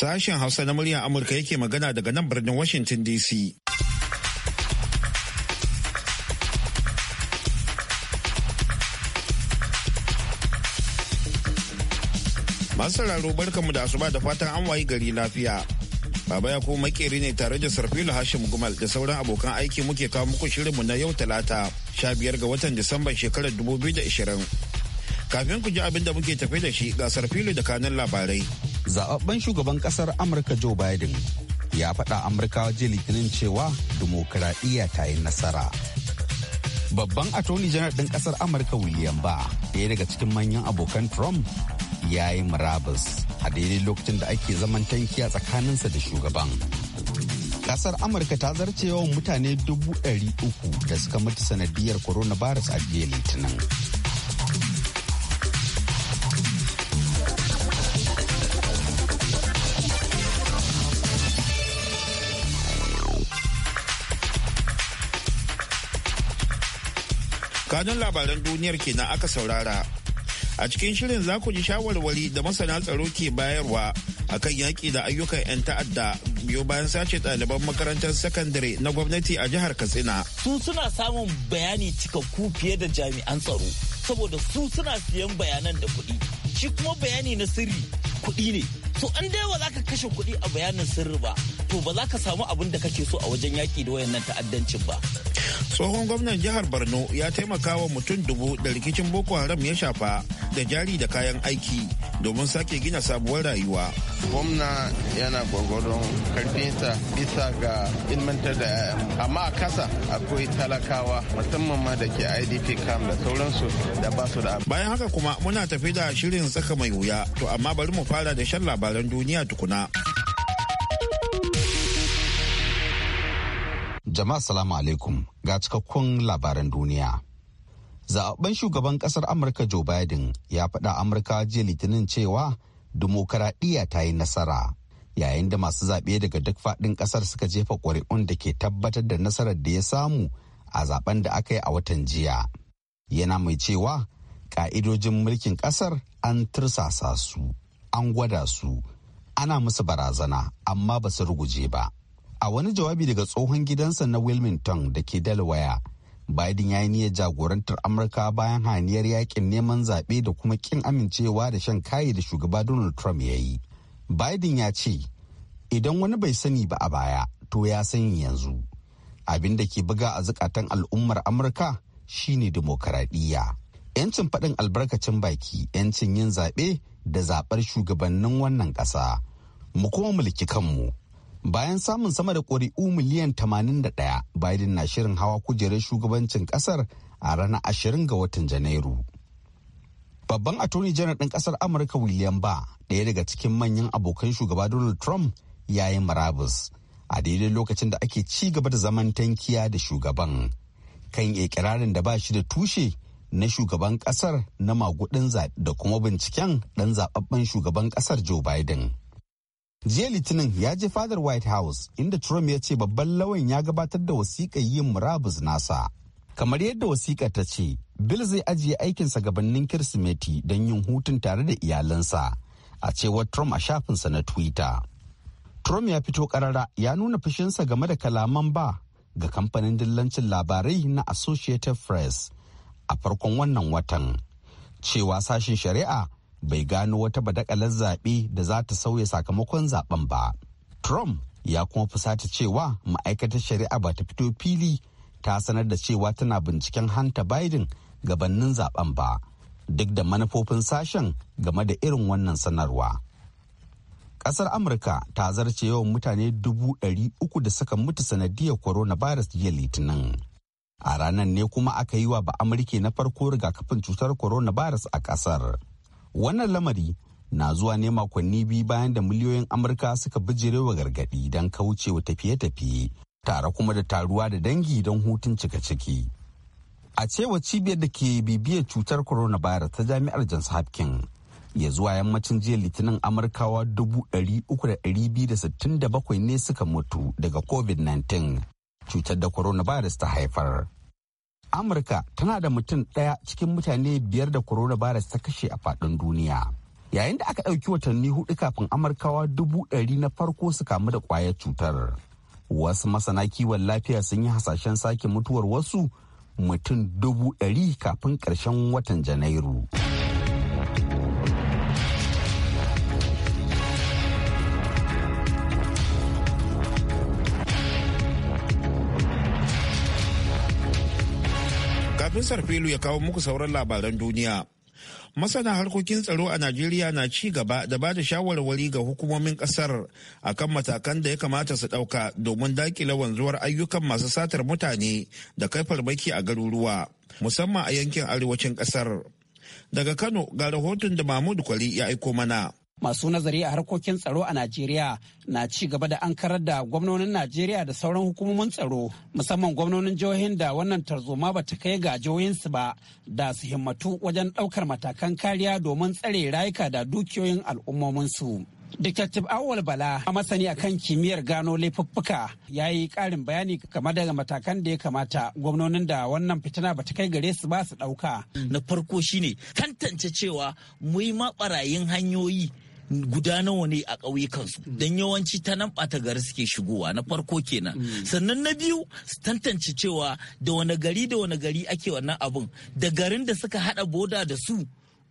Sashen Hausa na muryar Amurka yake magana daga nan birnin Washington DC. Masu sauraro barkanmu da asuba da fatan an wayi gari lafiya. Baba ya kuma makeri ne tare da Sarfilu Hashim Gumal da sauran abokan aiki muke kawo muku shirinmu na yau Talata, sha biyar ga watan Disamban shekarar da 2020. Kafin ku ji abin da muke tafi da shi ga Sarfilu da kanun labarai. Zababben shugaban kasar Amurka Joe Biden ya faɗa Amurkawa jiya Litinin cewa dimokuraɗiyya ta yi nasara. Babban attorney janar ɗin ƙasar Amurka William Barr, ɗaya daga cikin manyan abokan Trump, ya yi murabus a daidai lokacin da ake zaman tanki a tsakaninsa da shugaban. Kasar Amurka ta zarce yawan mutane dubu ɗari uku da suka mutu sanadiyar coronavirus a jiya litinin. kanun labaran duniyar kenan aka saurara A cikin shirin za ku ji shawarwari da masana tsaro ke bayarwa akan yaƙi da ayyukan 'yan ta'adda biyo bayan sace ɗaliban makarantar sakandare na gwamnati a jihar Katsina. Su suna samun bayani cikakku fiye da jami'an tsaro saboda su suna siyan bayanan da kuɗi. Shi kuma bayani na sirri kuɗi ne. To an dai ba za ka kashe kuɗi a bayanin sirri ba. to ba za ka samu abin da kake so a wajen yaƙi da wayannan ta'addancin ba. tsohon gwamnan jihar borno ya taimaka wa mutum dubu da rikicin boko haram ya shafa da jari da kayan aiki domin sake gina sabuwar rayuwa gwamna yana gwagwaron karfinsa bisa ga ilmantar da yaya. amma a kasa akwai talakawa musamman ma da ke idp kam da sauransu da ba su da bayan haka kuma muna tafi da shirin saka mai wuya to amma bari mu fara da shan labaran duniya tukuna. Jama'a salamu alaikum ga cikakkun labaran duniya. Zaɓen shugaban ƙasar Amurka Joe Biden ya faɗa Amurka jiya litinin cewa dimokuraɗiyya ta yi nasara yayin da masu zaɓe daga duk faɗin ƙasar suka jefa ƙuri'un da ke tabbatar da nasarar da ya samu a zaɓen da aka yi a watan jiya. Yana mai cewa ƙa'idojin mulkin ƙasar an tursasa su, an gwada su, ana musu barazana amma ba su ruguje ba. a wani jawabi daga tsohon gidansa na wilmington da ke delaware biden ya yi niyyar jagorantar amurka bayan haniyar yakin neman zaɓe da kuma kin amincewa da shan kayi da shugaba donald trump ya yi biden ya ce idan wani bai sani ba a baya to ya sani yanzu abin da ke buga a zukatan al'ummar amurka shine demokaradiyya yancin faɗin albarkacin baki yancin yin zaɓe da zaɓar shugabannin wannan ƙasa mu kuma mulki kanmu bayan samun sama da ƙuri'u miliyan 81 biden na shirin hawa kujerar shugabancin ƙasar a ranar 20 ga watan janairu babban attorney general ɗin ƙasar amurka william ba ɗaya daga cikin manyan abokan shugaba donald trump ya yi marabus a daidai lokacin da ake ci gaba da zaman tankiya da shugaban kan ikirarin da ba shi da tushe na shugaban ƙasar na magudin da kuma binciken ɗan zaɓaɓɓen shugaban ƙasar joe biden jiya litinin ya je fadar white house inda trump ya ce babban lawan ya gabatar da wasiƙar yin murabus nasa kamar yadda wasiƙa ta ce bill zai ajiye aikinsa gabanin kirsimeti don yin hutun tare da iyalansa a cewar trump a shafinsa na twitter trump ya fito karara ya nuna fushinsa game da kalaman ba ga kamfanin dillancin labarai na associated press a farkon wannan watan cewa sashen shari'a bai gano wata badakalar zaɓe da za ta sauya sakamakon zaben ba. Trump ya kuma fusata cewa ma'aikatar shari'a ba ta fito fili ta sanar da cewa tana binciken hanta Biden gabanin zaben ba, duk da manufofin sashen game da irin wannan sanarwa. Ƙasar Amurka ta zarce yawan mutane dubu ɗari uku da suka mutu sanadiyar coronavirus jiya litinin. A ranar ne kuma aka yi wa ba Amurke na farko rigakafin cutar coronavirus a ƙasar. wannan lamari na zuwa ne makonni biyu bayan da miliyoyin amurka suka bijirewa gargadi don kaucewa tafiye-tafiye tare kuma da taruwa da dangi don hutun cika ciki a cewa cibiyar da ke bibiyar cutar coronavirus ta jami'ar johns hopkins ya zuwa yammacin jiya litinin amurkawa da bakwai ne suka mutu daga covid-19 cutar da coronavirus ta haifar amurka tana da mutum ɗaya cikin mutane biyar da coronavirus ta kashe a faɗin duniya yayin da aka ɗauki watanni hudu kafin amurkawa dubu ɗari na farko su kamu da ƙwayar cutar wasu masana kiwon lafiya sun yi hasashen sake mutuwar wasu mutum dubu ɗari kafin ƙarshen watan janairu. Kafin Sarfilu ya kawo muku sauran labaran duniya. Masana harkokin tsaro a Najeriya na ci gaba da ba da shawarwari ga hukumomin kasar akan matakan da ya kamata su ɗauka domin dakile wanzuwar ayyukan masu satar mutane da kai farmaki a garuruwa, musamman a yankin arewacin kasar. Daga Kano ga rahoton da Mahmud Kwari ya aiko mana. masu nazari a harkokin tsaro a najeriya na ci gaba da an karar da gwamnonin najeriya da sauran hukumomin tsaro musamman gwamnonin jihohin da wannan tarzoma ba ta kai ga jihohinsu ba da su himmatu wajen ɗaukar matakan kariya domin tsare rayuka da dukiyoyin al'ummominsu Detective Awal Bala a masani akan kimiyyar gano laifuffuka ya yi karin bayani game da matakan da ya kamata gwamnonin da wannan fitina ba ta kai gare su ba su dauka. Na farko shine tantance cewa mu yi barayin hanyoyi guda nawa ne a ƙauyukansu don yawanci ta nan ɓata gari suke shigowa na farko kenan mm. sannan na biyu su tantance cewa da wani gari da wani gari ake wannan abin da garin da suka haɗa boda da su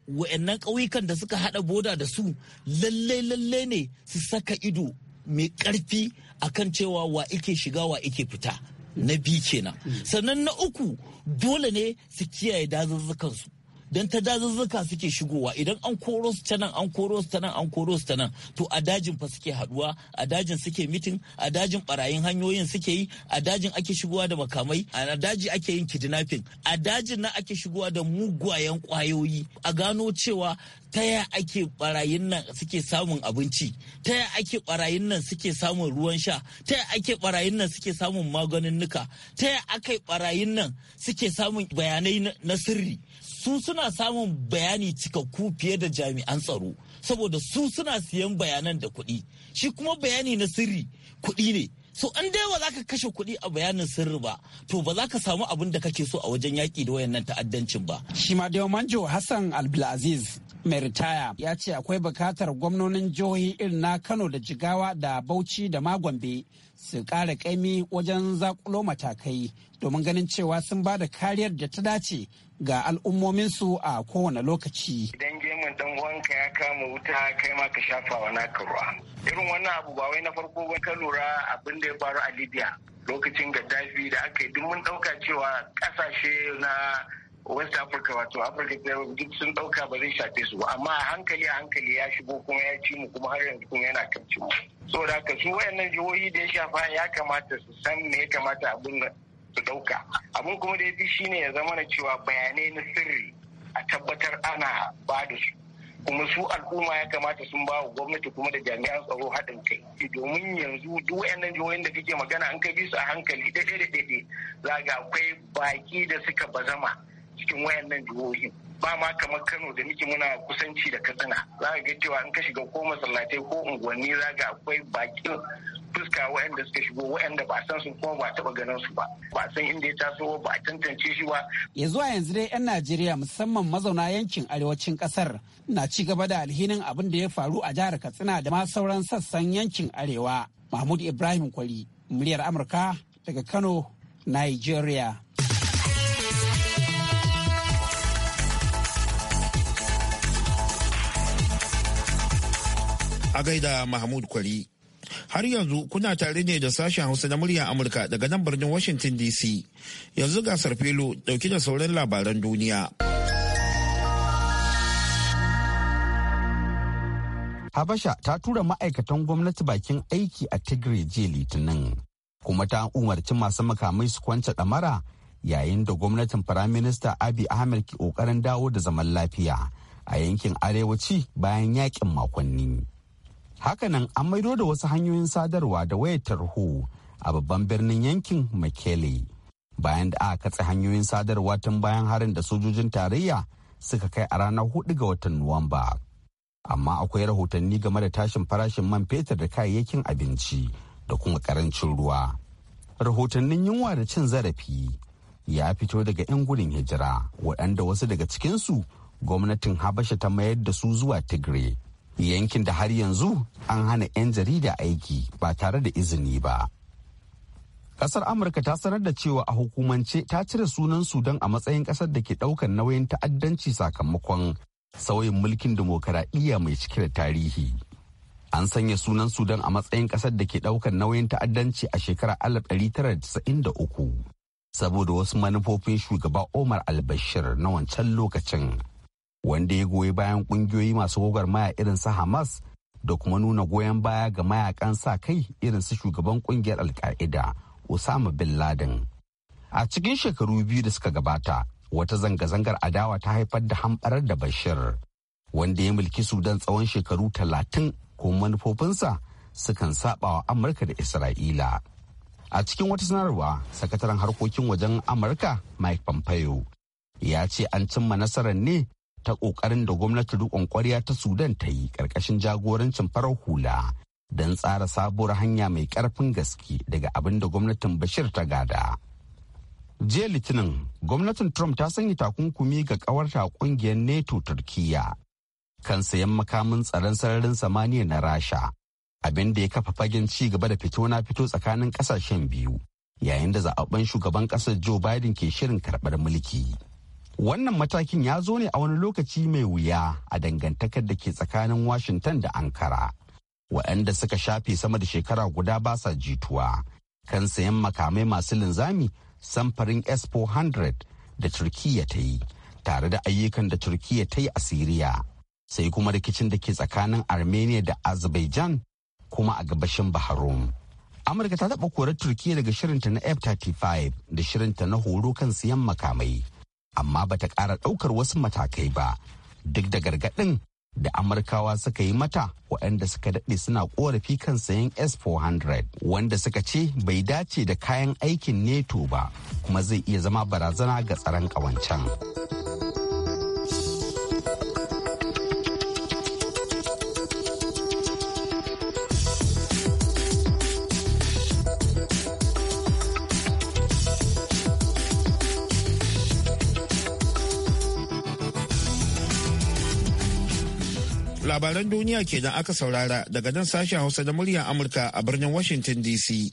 wa'annan ƙauyukan da suka haɗa boda da su lalle lalle ne su saka ido mai ƙarfi akan cewa wa ike shiga wa ike fita na biyu kenan mm. sannan na uku dole ne su kiyaye dazuzzukansu don ta dazuzzuka suke shigowa idan an koro su ta nan an koro su ta nan an koro su ta nan to a dajin fa suke haduwa a dajin suke mitin a dajin barayin hanyoyin suke yi a dajin ake shigowa da makamai a daji ake yin kidnapping a dajin na ake shigowa da mugwayen kwayoyi a gano cewa ta ya ake barayin nan suke samun abinci ta ya ake barayin nan suke samun ruwan sha ta ya ake barayin nan suke samun maganin nuka ta ya ake barayin nan suke samun bayanai na sirri su suna samun bayani cikakku fiye da jami'an tsaro saboda su suna siyan bayanan da kuɗi shi kuma bayani na sirri kuɗi ne so an dai ba za ka kashe kuɗi a bayanin sirri ba to ba za ka samu abin da kake so a wajen yaƙi da wayannan ta'addancin ba shi ma dai manjo hassan abdulaziz mai ritaya ya ce akwai bukatar gwamnonin jihohi irin na kano da jigawa da bauchi da magombe su ƙara kaimi wajen zakulo matakai domin ganin cewa sun ba da kariyar da ta dace ga al'ummominsu a kowane lokaci. Idan gemun dan wanka ya kama wuta kai ma ka shafa wa naka ruwa. Irin wannan abu ba wai na farko ba ka lura abin da ya faru a Libya lokacin Gaddafi da aka yi ɗauka cewa ƙasashe na West Africa wato Africa duk sun ɗauka ba zai shafe su amma a hankali a hankali ya shigo kuma ya ci mu kuma har yanzu kuma yana kan mu. Saboda haka su wayannan jihohi da ya shafa ya kamata su san me ya kamata abin su ɗauka abin kuma da ya fi shine ya zama na cewa bayanai na sirri a tabbatar ana ba da su kuma su al'umma ya kamata sun ba wa gwamnati kuma da jami'an tsaro haɗin kai eh, domin yanzu duk wayannan jihohin da kake magana an kai bi su a hankali daɗe da daɗe za ga akwai baki da suka bazama cikin wayannan jihohin ba ma kamar kano da muke muna kusanci da katsina za ga cewa an ka shiga ko masallatai ko unguwanni za ga akwai bakin fuska waɗanda suka shigo waɗanda ba san su kuma ba taɓa ganin su ba ba san inda ya taso ba tantance shi ba. ya zuwa yanzu dai 'yan najeriya musamman mazauna yankin arewacin ƙasar na ci gaba da alhinin abin da ya faru a jihar katsina da ma sauran sassan yankin arewa mahmud ibrahim kwari muryar amurka daga kano nigeria. a gaida Mahmud Kwari. Har yanzu kuna tare ne da sashen Hausa na murya Amurka daga nan birnin Washington DC. Yanzu gasar filo dauki da sauran labaran duniya. Habasha ta tura ma'aikatan gwamnati bakin aiki a Tigray jiya Litinin, kuma ta umarci masu makamai su kwance ɗamara yayin da gwamnatin Firaminista abi Ahmed ke ƙoƙarin dawo da zaman lafiya a yankin arewaci bayan yakin makonni. hakanan an maido da wasu hanyoyin sadarwa da wayar tarho a babban birnin yankin makele bayan da aka katse hanyoyin sadarwa tun bayan harin da sojojin tarayya suka kai a ranar hudu ga watan nuwamba amma akwai rahotanni game da tashin farashin man fetur da kayayyakin abinci da kuma karancin ruwa rahotannin yunwa da cin zarafi ya fito daga 'yan gudun hijira waɗanda wasu daga cikinsu gwamnatin habasha ta mayar da su zuwa tigray yankin da har yanzu an hana 'yan jarida aiki ba tare da izini ba. Kasar Amurka ta sanar da cewa a hukumance ta cire sunan Sudan a matsayin kasar da ke ɗaukar nauyin ta'addanci sakamakon sauyin mulkin dimokuraɗiyya mai cike da tarihi. An sanya sunan Sudan a matsayin kasar da ke ɗaukar nauyin ta'addanci a shekarar 1993 saboda wasu manufofin shugaba Omar al-Bashir na wancan lokacin. wanda ya goyi bayan kungiyoyi masu maya irin su hamas da kuma nuna goyon baya ga mayakan sa kai irin su shugaban kungiyar alka'ida osama bin laden a cikin shekaru biyu da suka gabata wata zanga-zangar adawa ta haifar da hamɓarar da bashir wanda ya mulki sudan tsawon shekaru talatin ko manufofinsa sukan saba wa amurka da isra'ila a cikin wata sanarwa sakataren harkokin wajen amurka mike pompeo ya ce an cimma nasarar ne ta ƙoƙarin da gwamnatin riƙon ƙwarya ta Sudan ta yi ƙarƙashin jagorancin farar hula don tsara sabuwar hanya mai ƙarfin gaske daga abin da gwamnatin Bashir ta gada. Jiya Litinin, gwamnatin Trump ta sanya takunkumi ga ƙawarta ƙungiyar neto Turkiyya kan sayan makamin tsaron sararin samaniya na Rasha, abin da ya kafa fagen ci gaba da fito na fito tsakanin ƙasashen biyu, yayin da zaɓaɓɓen shugaban ƙasar Joe Biden ke shirin karɓar mulki. Wannan matakin ya zo ne a wani lokaci mai wuya a dangantakar da ke tsakanin Washington da Ankara. Waɗanda suka shafe sama da shekara guda ba sa jituwa kan sayan makamai masu linzami samfarin S-400 da Turkiyya ta yi, tare da ayyukan da Turkiyya ta yi a Siriya. Sai kuma rikicin da ke tsakanin Armenia da Azerbaijan kuma a gabashin Baharum. Amurka ta taɓa korar turkiya daga shirinta na F-35 da shirinta na horo kan siyan makamai. amma bata kara ɗaukar wasu matakai ba duk da gargaɗin da amurkawa suka yi mata waɗanda suka daɗe suna ƙorafi kan sayan s-400 wanda suka ce bai dace da kayan aikin neto ba kuma zai iya zama barazana ga tsaron ƙawancen. labaran duniya kenan aka saurara daga nan sashen Hausa da muryar Amurka a birnin Washington DC.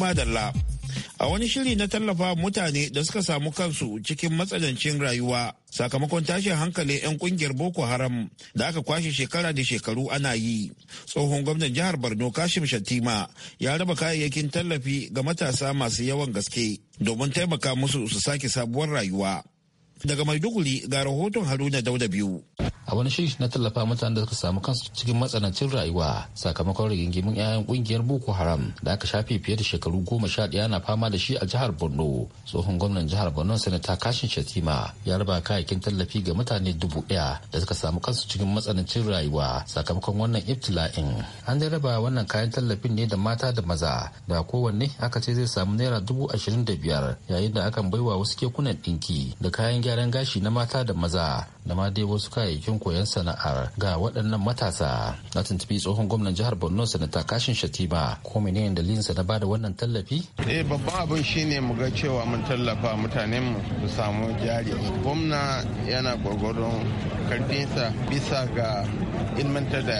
Madalla A wani shiri na tallafa mutane da suka samu kansu cikin matsanancin rayuwa sakamakon tashin hankali 'yan kungiyar Boko Haram da aka kwashe shekara da shekaru ana yi. Tsohon gwamnan jihar Borno Kashim Shattima ya raba kayayyakin tallafi ga matasa masu yawan gaske domin taimaka musu su sake sabuwar rayuwa. Daga Maiduguri ga rahoton Haruna Dauda biyu. A wani shiri na tallafa mutanen da suka samu kansu cikin matsanancin rayuwa sakamakon rigingimin 'ya'yan kungiyar Boko Haram da aka shafe fiye da shekaru goma sha ɗaya na fama da shi a jihar Borno. Tsohon gwamnan jihar Borno Sanata Kashin Shatima ya raba kayayyakin tallafi ga mutane dubu ɗaya da suka samu kansu cikin matsanancin rayuwa sakamakon wannan ibtila'in. An dai raba wannan kayan tallafin ne da mata da maza da kowanne aka ce zai samu naira dubu ashirin da biyar yayin da akan baiwa wasu kekunan ɗinki da kayan gyaran gashi na mata da maza da ma dai wasu kayayyakin koyon sana'ar ga waɗannan matasa na tuntubi tsohon gwamnan jihar borno sanata kashin shatima ko menene dalilinsa na bada wannan tallafi eh babban abin shine mu ga cewa mun tallafa mutanen mu su samu jari gwamna yana gwagwaron karfinsa bisa ga ilmantar da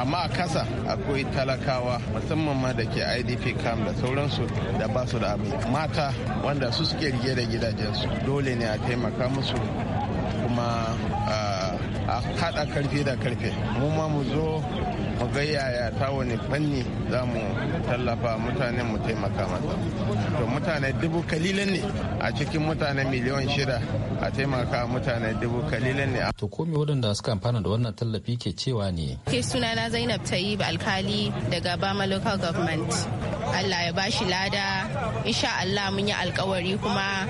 amma a kasa akwai talakawa musamman ma da ke idp cam da sauransu da ba su da abin mata wanda su suke rige da gidajensu dole ne a taimaka taimaka musu kuma a haɗa karfe da karfe mu ma mu zo mu ga yaya ta wani fanni za mu tallafa mutane mu taimaka masa to mutane dubu kalilan ne a cikin mutane miliyan shida a taimaka mutane dubu kalilan ne to ko me waɗanda suka amfana da wannan tallafi ke cewa ne ke sunana zainab tayyib alkali daga bama local government Allah ya bashi lada insha Allah mun yi alkawari kuma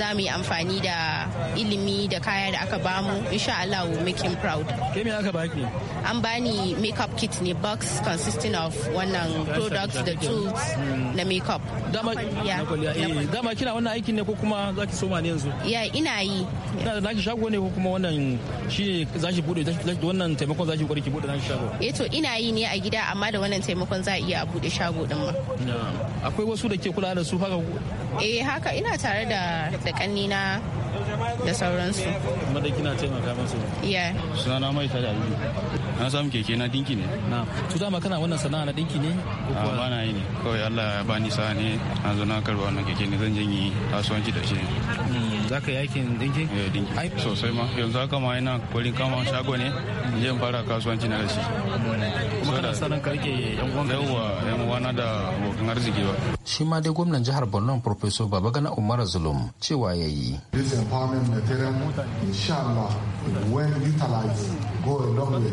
za mu yi amfani da ilimi da kaya da aka bamu insha Allah we make proud ke me aka baki an bani makeup kit ne box consisting of wannan products da tools hmm. na makeup dama ya eh, dama kina wannan aikin ne ko kuma zaki soma ne yanzu ya ina yi kina da naki shago ne ko kuma wannan shi ne zaki bude wannan taimakon zaki kokari ki bude naki shago eh to ina yi ne a gida amma da wannan taimakon za a iya bude shago din ma akwai wasu da ke kula da su haka eh haka ina tare da da kannina da sauransu kuma da kina taimaka musu iya na mai tare aliyu na samu keke na dinki ne na to dama kana wannan sana'a na dinki ne ah, a ba na yi ne kawai Allah ya bani sa'a ne na zo na karba wannan keke ne zan janye kasuwanci da shi ne hmm. za ka yi aikin eh, dinki? Ai sosai ma yanzu haka ma yana kwarin kama shago ne je fara kasuwanci na da shi. Kuma kana sanin ka rike yan uwan yawa yan uwana da abokan arziki ba. Shi ma dai gwamnan jihar Borno Professor Babagana Umar Zulum cewa ya yayi. This empowerment material inshallah when utilized go a long way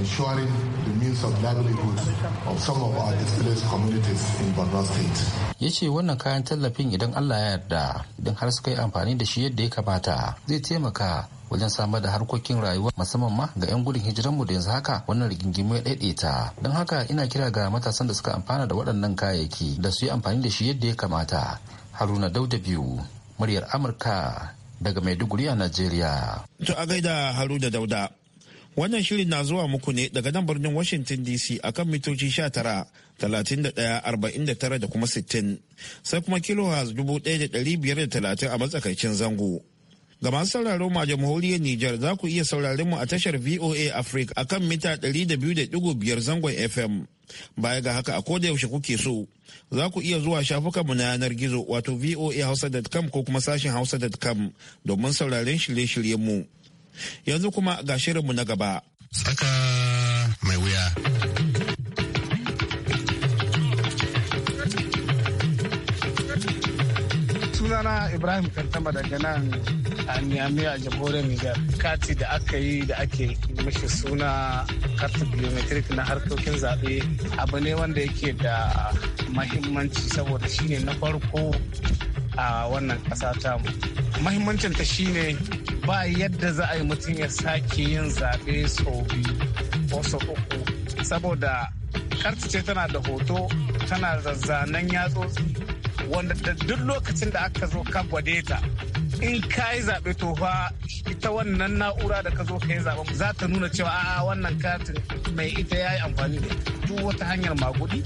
ensuring the means of livelihood of some of our displaced communities in Borno state. Ya ce wannan kayan tallafin idan Allah ya yarda idan har suka yi amfani da shi yadda ya kamata zai taimaka wajen samar da harkokin rayuwa musamman ma ga 'yan gudun hijiranmu da yanzu haka wannan rigingimu ya daidaita don haka ina kira ga matasan da suka amfana da waɗannan kayayyaki da su yi amfani da shi yadda ya kamata haruna dauda biyu muryar amurka daga maiduguri a nigeria. to a gaida haruna dauda wannan shirin na zuwa muku ne daga nan birnin washington dc akan mitoci tara. 31,49 da kuma 60 sai kuma da 1,530 a matsakaicin zango. Ga masu sauraro ma jamhuriyar Nijar za ku iya sauraron mu a tashar VOA Africa a kan mita 200.5 zangon FM. Baya ga haka a koda yaushe kuke so, za ku iya zuwa shafukanmu na yanar gizo wato voa voahausa.com ko kuma sashen hausa.com domin sauraron shirye-shiryen mu. Yanzu kuma ga shirinmu na gaba. tsaka mai wuya. sunana ibrahim kantama daga nan a Niyami a jamhuriyar niger kati da aka yi da ake mashi suna karta biometric na harkokin zaɓe abu ne wanda yake da mahimmanci saboda shine na farko a wannan ƙasa ta mu mahimmancin ta shine ba yadda za a yi mutum ya sake yin zaɓe sau biyu ko sau uku saboda ce tana da hoto tana da zanen yatsotsi wanda da duk lokacin da aka zo ka gwade ta in ka yi zaɓe to fa ita wannan na'ura da ka zo ka yi zaɓe za ta nuna cewa a wannan katin mai ita ya yi amfani da duk wata hanyar magudi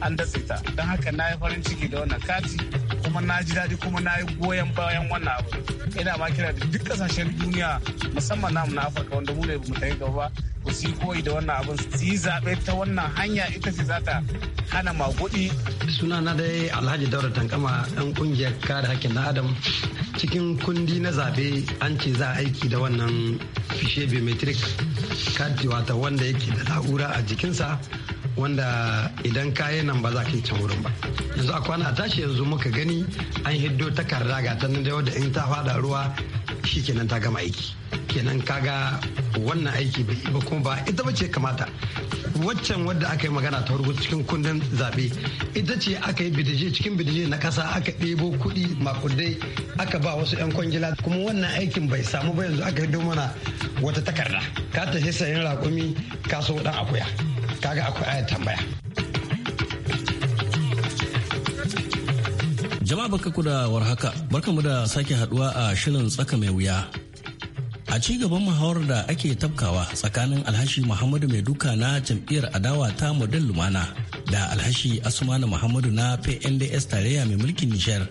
an datse ta don haka na yi farin ciki da wannan kati kuma na ji daɗi kuma na yi goyon bayan wannan abu ina ma kira da duk ƙasashen duniya musamman namu na afirka wanda mu ne mu ta yi gaba to su koyi da wannan abin su yi zaɓe ta wannan hanya ita ce za ta hana magudi. suna na dai alhaji daura tankama ɗan ƙungiyar kare hakkin na adam cikin kundi na zaɓe an ce za a aiki da wannan fishe biometric kati wata wanda yake da na'ura a jikinsa wanda idan kayan nan ba za ka yi can wurin ba yanzu a kwana tashi yanzu muka gani an hiddo takarda ga ta nan da in ta fada ruwa shi kenan ta gama aiki kenan kaga wannan aiki bai ba kuma ba ita ba ce kamata waccan wadda aka yi magana ta farko cikin kundin zaɓe ita ce aka yi bidije cikin bidije na kasa aka ɗebo kuɗi makudai aka ba wasu 'yan kwangila kuma wannan aikin bai samu ba yanzu aka hido mana wata takarda ka tafi sayan rakumi ka so ɗan akuya kaga akwai a'ya tambaya Jama'a baka ku da warhaka, barka mu da sake haduwa a shirin tsaka mai wuya. A ci gaban muhawar da ake tabkawa tsakanin Alhashi Muhammadu Mai Duka na jam'iyyar adawa ta Model Lumana da Alhashi Asmanu Muhammadu na PNDS tarayya mai mulkin Nishar.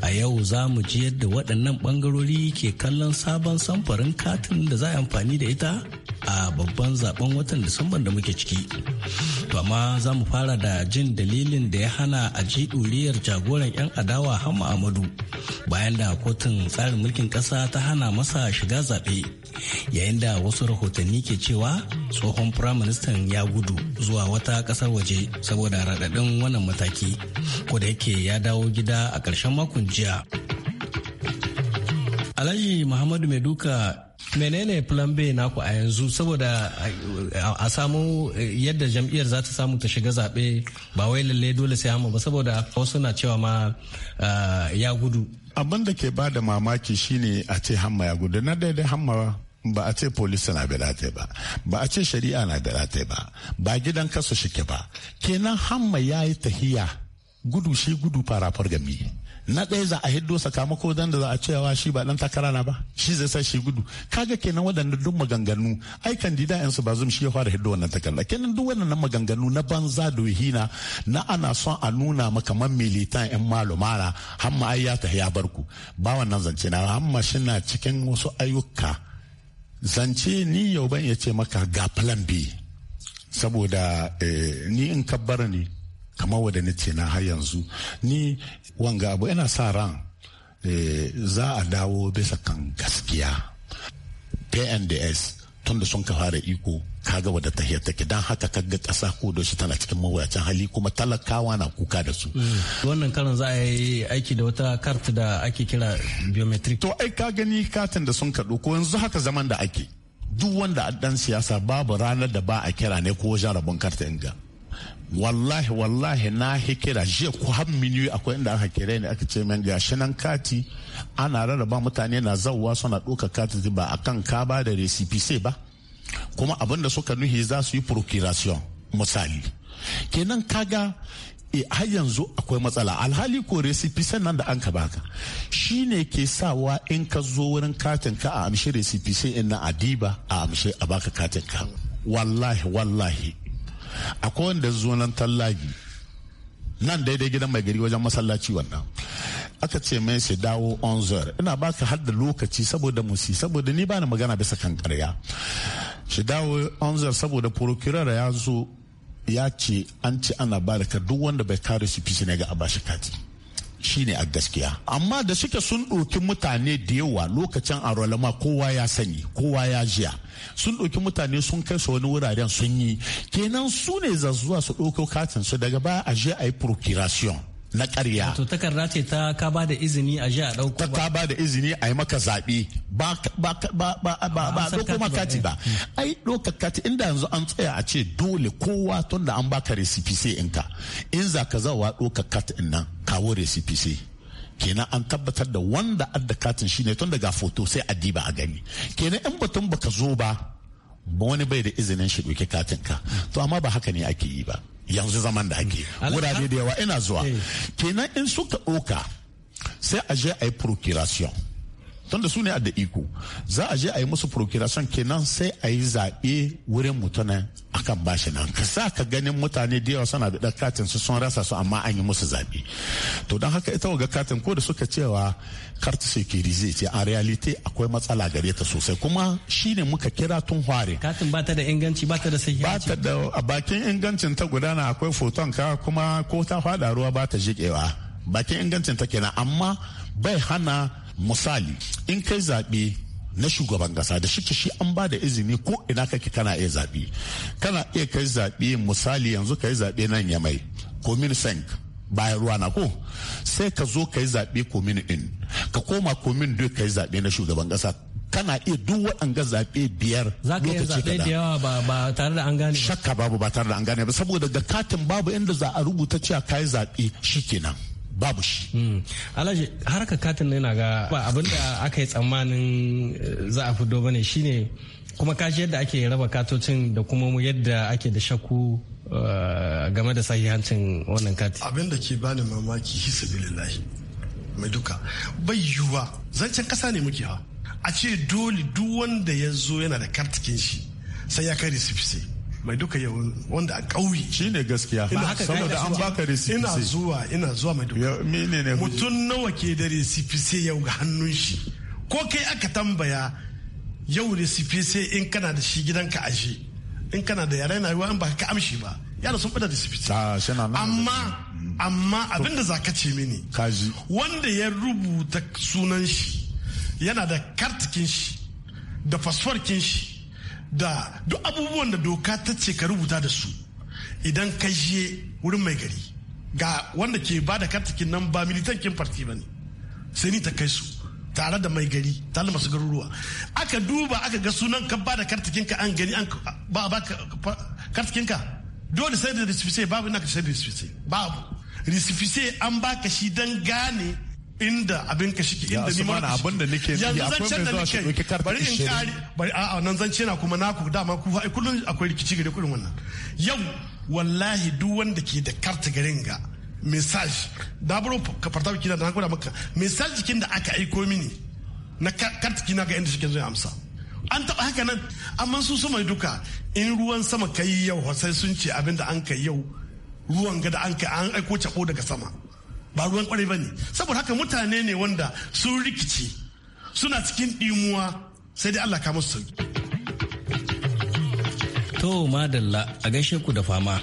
A yau za mu ji yadda waɗannan ɓangarori ke kallon sabon samfarin katin da za a amfani da ita a babban zaben watan disamban da muke ciki to amma za mu fara da jin dalilin da ya hana a ji ɗuriyar jagoran 'yan adawa hamma amadu bayan da kotun tsarin mulkin ƙasa ta hana masa shiga zaɓe yayin da wasu rahotanni ke cewa tsohon firaministan ya gudu zuwa wata ƙasar waje saboda raɗaɗin wannan mataki ko da yake ya dawo gida a ƙarshen makon jiya alhaji muhammadu mai menene plan b naku a yanzu saboda a samu eh, yadda jam'iyyar za ta samu ta shiga zaɓe ba wai lalle dole sai hama ba saboda wasu na cewa ma ah, ya gudu abin da ke bada mamaki shine a ce hamma ya gudu na daidai hamma ba a ce polisi na belate ba ba a ce shari'a na belate ba ba gidan kasu shike ba kenan hamma ya yi tahiya gudu shi gudu fara fargami na ɗaya za a hiddo sakamako dan da za a cewa shi ba dan takara na ba shi zai sa shi gudu kaga kenan waɗannan duk maganganu ai kandida yansu ba zum shi ya fara hiddo wannan takarda kenan duk waɗannan maganganu na banza da wahina na ana son a nuna maka man militan yan malumara hamma ai ya ta ya barku ba wannan zance na hamma shi na cikin wasu ayyuka zance ni yau ban ya ce maka ga plan B saboda eh, ni in ka kabbara ne kamar wadda na ce na har yanzu ni wanga abu yana sa ran eh, za a dawo bisa kan gaskiya pnds tun da sun ka fara iko kaga wadda hiyar take don haka kaga kasa ko da tana cikin mawuyacin hali kuma talakawa na kuka da su. Mm. wannan karin za a yi aiki da wata kart da ake kira biometric. to ai ka gani katin da sun ka ko yanzu haka zaman da ake duk wanda a dan siyasa babu ranar da ba a kira ne ko wajen rabon karta inga. wallahi wallahi na hikira jiya ko har minu akwai inda aka kira ni aka ce men gashi nan kati ana rarraba mutane na zawwa suna ɗauka kati ba akan ka ba da recipe sai ba kuma abin da suka nuhi za su yi procuration misali kenan kaga e eh, har yanzu akwai matsala alhali ko recipe sannan da an ka baka shine ke sawa in ka zo wurin katin ka a amshi recipe sai in na adiba a amshi a baka katin ka wallahi wallahi akwai wanda zo nan tallagi nan daidai gidan mai gari wajen masallaci wannan aka ce mai si dawo onzor ina ba ka hada lokaci saboda musi saboda ni ba magana bisa kan karya shi dawo onzor saboda procurer ya zo ya ce an ce ana ba da ka duk wanda bai kare shi ne ga abashi kati shine a gaskiya amma da suke sun ɗoki mutane da yawa lokacin arolama kowa ya sani kowa ya jiya sun ɗoki mutane sun kai su wani wuraren sun yi kenan su ne za zuwa su ɗauko katin su daga baya a je a yi procuration na ƙarya. To takarda ce ta ka ba da izini a ji a ɗauko ba. Ta ba da izini a yi maka zaɓe ba ba ba ba ba ɗauko ma kati ba. Ai ɗauka kati inda yanzu an tsaya a ce dole kowa tun da an baka recipe sai in ka. In za ka zawa ɗauka kati in nan kawo recipe sai. kenan an tabbatar da wanda adda katin shine tun daga foto sai a diba a gani kenan in batun baka zo ba wani bai da izinin shi ɗauki katin ka to amma ba haka ne ake yi ba yanzu zaman da ake wurare da yawa ina zuwa eh. kenan in suka ɗauka sai a je a yi procuration don da su ne a da iko za a je a yi musu procuration kenan sai a yi zaɓe wurin a kan bashi nan ka sa ka ganin mutane da yawa suna da katin su sun rasa su amma an yi musu zaɓe to don haka ita ga katin ko da suka cewa kartu securize ce a realite akwai matsala gare ta sosai kuma shine muka kira tun hware katin ta da inganci ba ta da sahihanci ta da a bakin ingancin ta gudana akwai foton ka kuma ko ta fada ruwa bata jikewa bakin ingancin ta kenan amma bai hana misali in kai zaɓe na shugaban ƙasa da shi shi an ba da izini ko ina kake kana iya zaɓe kana iya kai zaɓe misali yanzu ka yi zaɓe nan yamai ko minisank bayan ruwa na ko sai ka zo ka yi zaɓe komin in ka koma komin duk ka yi zaɓe na shugaban ƙasa kana iya duk waɗanga zaɓe biyar lokaci ka da yawa ba, ba tare da an gane ba. Shakka babu ba tare da an gane ba saboda ga katin babu inda za a rubuta cewa kayi zaɓe shi kenan. babu shi. Hmm. Alhaji harkar katin na ga ba abinda aka yi tsammanin eh, za a fito bane shine kuma kashi yadda ake raba katocin da kuma yadda ake da shakku eh, game da sahihancin wannan katin. Abin da ke bani mamaki hisabilillahi mai duka bai yiwuwa zancen kasa ne muke ha a ce dole duk wanda ya zo yana da kartikin shi sai ya kai risifisai mai duka yau wanda a ƙauye shi ne gaskiya saboda an baka recpc ina zuwa ina zuwa mai duka mutum nawa ke da recpc yau ga hannun shi ko kai aka tambaya yau recpc in kana da shi gidanka ashe in kana da yare na yiwa in ba ka amshi ba yara sun bada recpc ah, amma amma abinda za ka ce mini wanda ya rubuta sunan shi yana da kartikin shi da fasfarkin shi da duk abubuwan da doka ta ce ka rubuta da su idan ka je wurin mai gari ga wanda ke ba da katakin nan ba militan kin farti ba ne sai ni ta kai su tare da mai gari tare da masu garuruwa aka duba aka ga sunan ka ba da katakin ka an gani an ba ba katakin ka dole sai da risifise babu ina ka sai risifise babu risifise an baka shi dan gane inda abin ka shiki inda ni mana abin da nake yanzu zancen da nake bari in kare bari a'a nan zance na kuma naku dama ku fa kullun akwai rikici gare kullun wannan yau wallahi duk wanda ke da karta garin ga message da bro ka farta biki da nako da maka message kin da aka aiko mini na karta kina ga inda shike zai amsa an taba haka nan amma su sama duka in ruwan sama kai yau sai sun ce abin da an kai yau ruwan ga da an kai an aiko cako daga sama ba ruwan kwarai ba ne saboda haka mutane ne wanda sun rikici suna cikin ɗimuwa sai dai allah ka musu sauki to madalla a gaishe ku da fama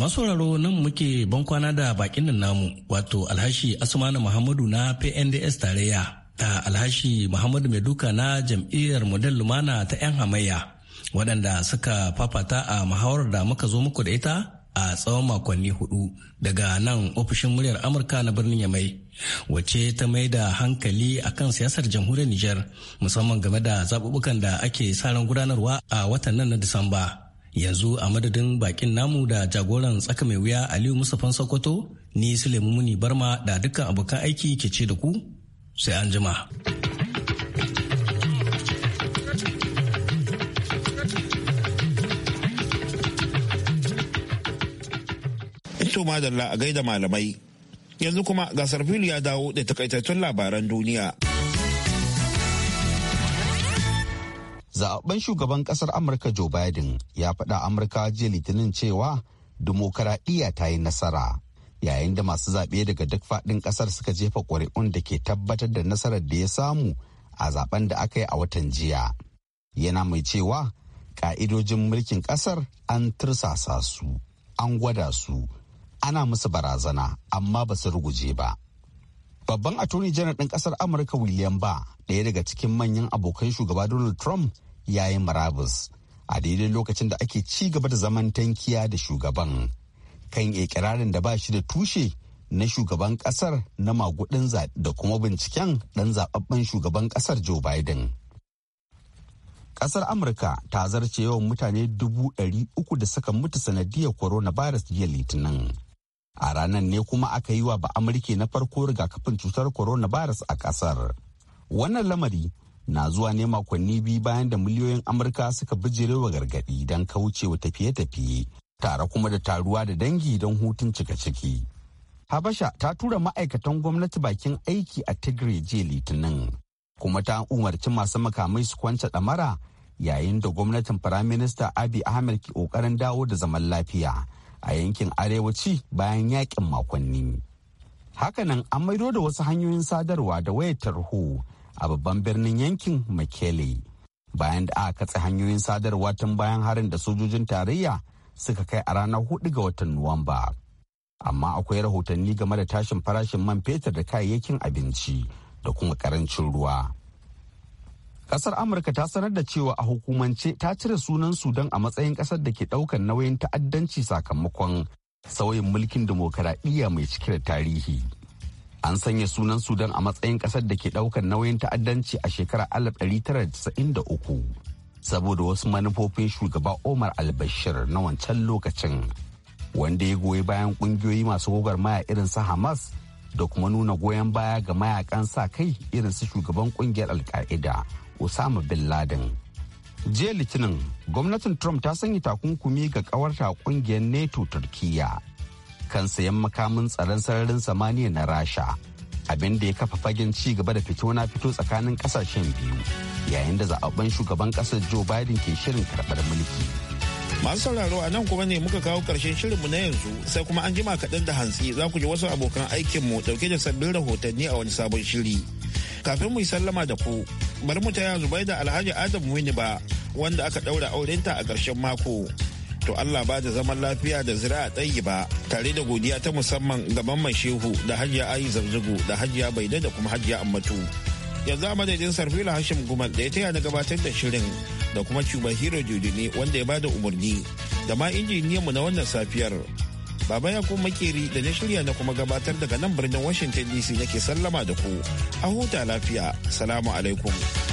masauraro nan muke bankwana da bakin nan namu wato alhashi asmanu muhammadu na pnds tarayya ta alhashi muhammadu maiduka na jam'iyyar model lumana ta 'yan hamayya waɗanda suka fafata a muhawarar da muka zo muku da ita a tsawon makonni hudu daga nan ofishin muryar amurka na birnin yamai wacce ta mai da hankali a kan siyasar jamhuriyar niger musamman game da zaɓuɓɓukan da ake ran gudanarwa a watan nan na disamba yanzu a madadin bakin namu da jagoran tsaka mai wuya aliyu mustapha sokoto ni sulaimu muni barma da dukkan abokan aiki ke ce da ku sai an jima. to madalla a gaida malamai. Yanzu kuma gasar filu ya dawo da takaitattun labaran duniya. Zaɓen shugaban ƙasar Amurka Joe Biden ya faɗa Amurka jiya litinin cewa dimokuraɗiyya ta yi nasara. Yayin da masu zaɓe daga duk faɗin ƙasar suka jefa ƙuri'un da ke tabbatar da nasarar da ya samu a zaɓen da aka yi a watan jiya. Yana mai cewa ƙa'idojin mulkin ƙasar an tursasa su, an gwada su, ana musu barazana amma ba su ruguje ba babban attorney janar ɗin ƙasar amurka william ba ɗaya daga cikin manyan abokan shugaba donald trump ya yi marabus a daidai lokacin da ake ci gaba da zaman tankiya da shugaban kan ikirarin da ba shi da tushe na shugaban ƙasar na magudin da kuma binciken ɗan zaɓaɓɓen shugaban ƙasar Joe Biden. Kasar Amurka ta zarce yawan mutane dubu ɗari uku da suka mutu sanadiyar coronavirus jiya litinin a ranar ne kuma aka yi wa ba amurke na farko rigakafin cutar coronavirus a kasar wannan lamari na zuwa ne makonni biyu bayan da miliyoyin amurka suka bijirewa gargadi don wa tafiye-tafiye tare kuma da taruwa da dangi don hutun cika ciki habasha ta tura ma'aikatan gwamnati bakin aiki a tigray jiya litinin kuma ta umarci masu makamai su kwance damara yayin da gwamnatin firaminista abi ahmed ke kokarin dawo da zaman lafiya a yankin arewaci bayan yakin makonni. Hakanan an maido da wasu hanyoyin sadarwa da wayar tarho a babban birnin yankin Makele. Bayan da aka katse hanyoyin sadarwa tun bayan harin da sojojin tarayya suka kai a ranar hudu ga watan Nuwamba. Amma akwai rahotanni game da tashin farashin man fetur da kayayyakin abinci da kuma karancin ruwa. kasar amurka ta sanar da cewa a hukumance ta cire sunan sudan a matsayin kasar da ke daukan nauyin ta'addanci sakamakon sauyin mulkin demokaradiyya mai cike da tarihi an sanya sunan sudan a matsayin kasar da ke daukan nauyin ta'addanci a shekara da uku saboda wasu manufofin shugaba omar albashir na wancan lokacin wanda ya goyi bayan kungiyoyi masu gwagwarmaya irin su hamas da kuma nuna goyon baya ga mayakan sa kai irin su shugaban kungiyar alka'ida Osama Bin Laden. Jiya Litinin, gwamnatin Trump ta sanya takunkumi ga kawarta kungiyar NATO Turkiyya kan sayan makamin tsaron sararin samaniya na Rasha. abin da ya kafa fagen ci gaba da fito na fito tsakanin kasashen biyu yayin da zaɓaɓɓen shugaban ƙasar joe biden ke shirin karɓar mulki masu sauraro a nan kuma ne muka kawo ƙarshen shirinmu na yanzu sai kuma an jima kaɗan da hantsi za ku ji wasu abokan aikinmu ɗauke da sabbin rahotanni a wani sabon shiri. kafin mu yi sallama da ku bari mu taya zubai da alhaji adam wini ba wanda aka ɗaura aurenta a ƙarshen mako to allah ba da zaman lafiya da zira a ba tare da godiya ta musamman ga mai shehu da hajiya ayi zabzugu da hajiya baida da kuma hajiya ammatu yanzu a madadin sarfila hashim gumal da ya taya na gabatar da shirin da kuma cuba hero ne wanda ya bada umarni da ma mu na wannan safiyar Baba ya kuma makeri da na shirya na kuma gabatar daga nan birnin Washington DC nake sallama da ku. A huta lafiya. Salamu alaikum.